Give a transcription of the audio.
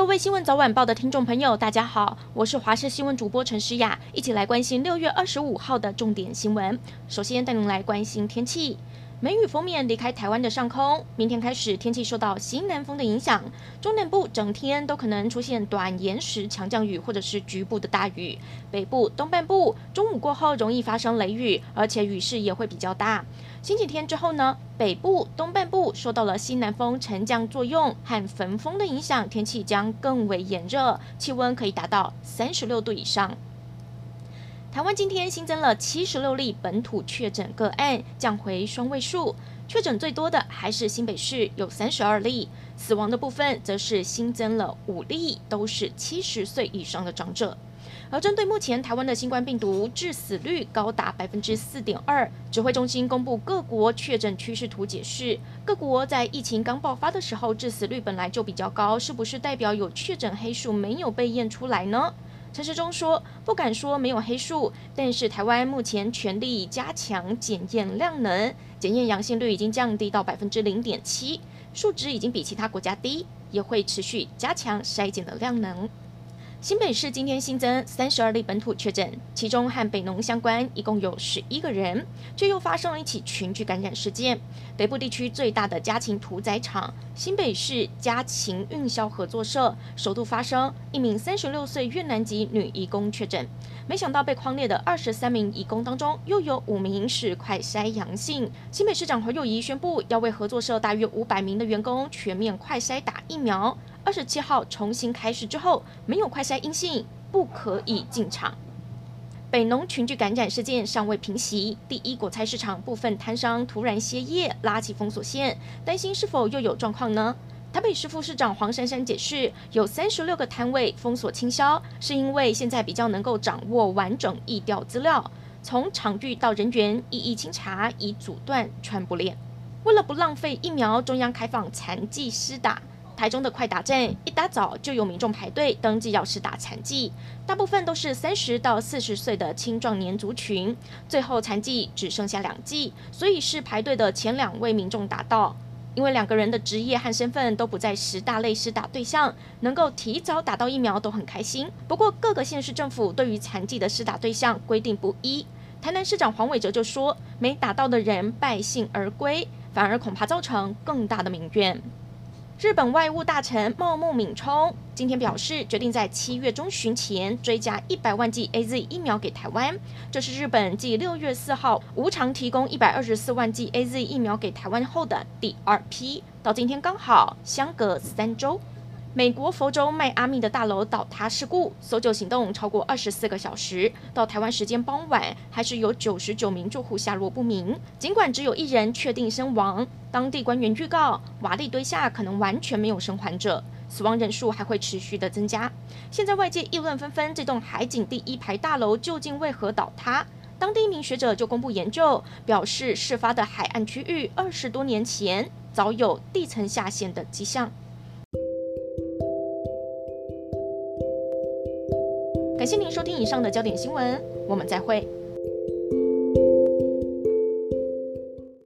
各位新聞早晚報的聽眾朋友，大家好，我是華視新聞主播陳詩雅，一起來關心六月二十五號的重點新聞。首先帶您來關心天氣。梅雨鋒面離開台灣的上空，明天開始天氣受到西南風的影響，中南部整天都可能出現短延時強降雨或者是局部的大雨。北部、東半部中午過後容易發生雷雨，而且雨勢也會比較大。星期天之後呢，北部、東半部受到了西南風沉降作用和焚風的影響，天氣將更為炎熱，氣溫可以達到三十六度以上。台灣今天新增了七十六例本土確診個案，降回雙位數。確診最多的還是新北市，有三十二例。死亡的部分則是新增了五例，都是七十歲以上的長者。而針對目前台灣的新冠病毒致死率高達百分之四點二，指揮中心公布各國確診趨勢圖，解釋各國在疫情剛爆發的時候致死率本來就比較高，是不是代表有確診黑數沒有被驗出來呢？陳時中說：“不敢說沒有黑數，但是台灣目前全力加強檢驗量能，檢驗陽性率已經降低到百分之零點七，數值已經比其他國家低，也會持續加強篩檢的量能。”新北市今天新增三十二例本土確診，其中和北農相關，一共有十一個人。卻又發生了一起群聚感染事件，北部地區最大的家禽屠宰場新北市家禽運銷合作社，首度發生一名三十六歲越南籍女移工確診。沒想到被匡列的二十三名移工當中，又有五名是快篩陽性。新北市長侯友宜宣布，要為合作社大約五百名的員工全面快篩打疫苗。二十七號重新開始之後，沒有快篩陰性不可以進場。北農群聚感染事件尚未平息，第一果菜市場部分攤商突然歇業，拉起封鎖線，擔心是否又有狀況呢？台北市副市長黃珊珊解釋，有三十六個攤位封鎖清消，是因為現在比較能夠掌握完整疫調資料，從場域到人員一一清查，以阻斷傳播鏈。為了不浪費疫苗，中央開放殘劑施打。臺中的快打站一大早就有民眾排隊登記要施打殘劑，大部分都是三十到四十歲的青壯年族群。最後殘劑只剩下兩劑，所以是排隊的前兩位民眾打到。因為兩個人的職業和身份都不在十大類施打對象，能夠提早打到疫苗都很開心。不過各個縣市政府對於殘劑的施打對象規定不一，台南市長黃偉哲就說沒打到的人敗興而歸，反而恐怕造成更大的民怨。日本外務大臣茂木敏充今天表示，決定在七月中旬前追加一百萬劑 AZ 疫苗給台灣。這是日本繼六月四號無償提供一百二十四萬劑 AZ 疫苗給台灣後的第二批，到今天剛好相隔三周。美國佛州邁阿密的大樓倒塌事故搜救行動超過二十四個小時，到台灣時間傍晚，還是有九十九名住戶下落不明。儘管只有一人確定身亡。當地官員預告，瓦礫堆下可能完全沒有生還者，死亡人數還會持續的增加。現在外界議論紛紛，這棟海景第一排大樓究竟為何倒塌？當地一名學者就公布研究，表示事發的海岸區域二十多年前早有地層下陷的跡象。感謝您收聽以上的焦點新聞，我們再會。